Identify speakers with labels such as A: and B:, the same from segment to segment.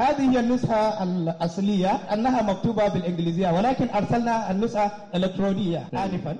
A: هذه هي النسخة الأصلية أنها مكتوبة بالإنجليزية ولكن أرسلنا النسخة الإلكترونية آنفا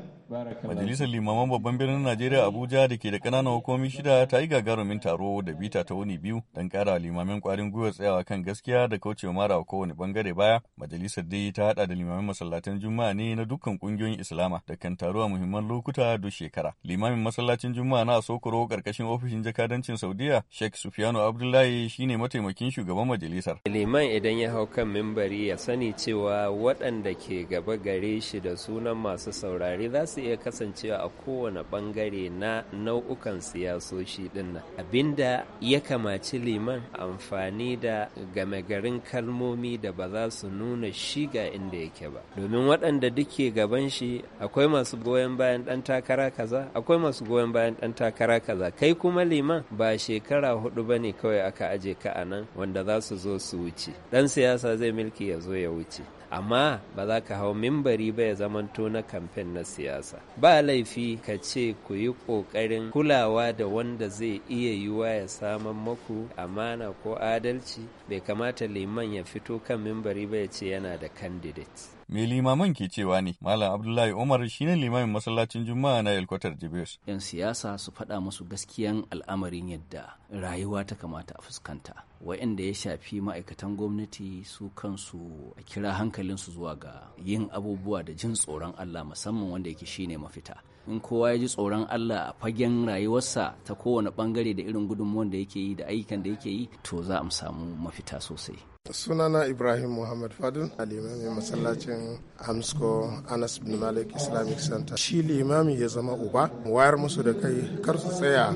B: Majalisar Limaman Babban Birnin Najeriya Abuja da ke da ƙananan hukumomi shida ta yi gagarumin taro da bita ta wuni biyu don ƙara limamin ƙwarin gwiwa tsayawa kan gaskiya da kaucewa mara a kowane bangare baya. Majalisar dai ta haɗa da limamin Masallacin Juma'a ne na dukkan ƙungiyoyin Islama da kan taro a muhimman lokuta duk shekara. Limamin masallacin Juma'a na Sokoro ƙarƙashin ofishin jakadancin Saudiya Sheikh Sufiyanu Abdullahi shine mataimakin shugaban majalisar.
C: Liman idan ya hau kan mimbari ya sani cewa waɗanda ke gaba gare shi da sunan masu saurare za su su iya kasancewa a kowane bangare na nau'ukan siyasoshi dinnan abinda ya kamaci liman amfani da game garin kalmomi da ba za su nuna shi ga inda yake ba domin waɗanda duke gaban shi akwai masu goyon bayan ɗan takara kaza akwai masu goyon bayan ɗan takara kaza kai kuma liman ba shekara hudu ba ne kawai aka aje ka a nan wanda za su zo su wuce ɗan siyasa zai milki ya zo ya wuce amma ba za ka hau mimbari ba ya zamanto na kamfen na siyasa kansa ba laifi ka ce ku yi ƙoƙarin kulawa da wanda zai iya yiwa ya saman maku amana ko adalci bai kamata liman ya fito kan mimbari ba ya ce yana da candidate
B: mai limaman ke cewa ne? Malam Abdullahi Umar shine limamin masallacin Juma'a na yalkwatar Jibes. Yan siyasa su faɗa musu
D: gaskiyan al'amarin yadda rayuwa ta kamata a fuskanta. Wa'inda ya shafi ma'aikatan gwamnati su kansu a kira hankalinsu zuwa ga yin abubuwa da jin tsoron Allah musamman wanda yake shine mafita. In kowa ya ji tsoron Allah a fagen rayuwarsa ta kowane bangare da irin gudunmuwan da yake yi da ayyukan da yake yi to za a samu mafita sosai.
A: sunana ibrahim muhammad fadil limamin masallacin Amsko anas bin malik islamic center shi limami ya zama uba wayar musu da kai kar su tsaya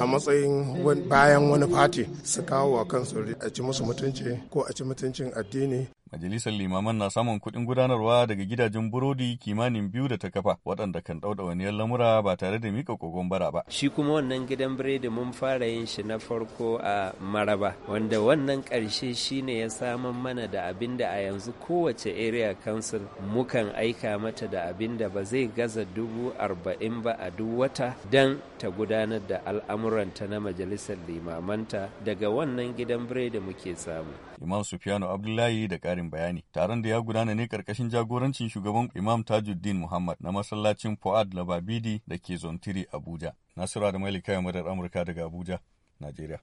A: a matsayin bayan wani fati su kawo wa kansu a ci musu mutunci ko a ci mutuncin addini
B: Majalisar limaman na samun kuɗin gudanarwa daga gidajen burodi kimanin biyu da ta kafa waɗanda kan ɗauɗa waniyar lamura ba tare da mika kogon bara ba. Shi kuma wannan
C: gidan biredi mun fara yin shi na farko a Maraba wanda wannan ƙarshe shi ne ya samar mana da abin da a yanzu kowace area council mukan aika mata da abin da ba zai gaza dubu arba'in ba a duk wata dan ta gudanar da al'amuranta na majalisar limamanta daga wannan gidan biredi muke samu.
B: Imam Sufiyanu Abdullahi da ƙari ƙarin bayani. Taron da ya gudana ne ƙarƙashin jagorancin shugaban Imam Tajuddin Muhammad na masallacin Fuad Lababidi da ke Zontiri Abuja. Nasiru da Malika Yamadar Amurka daga Abuja, Najeriya.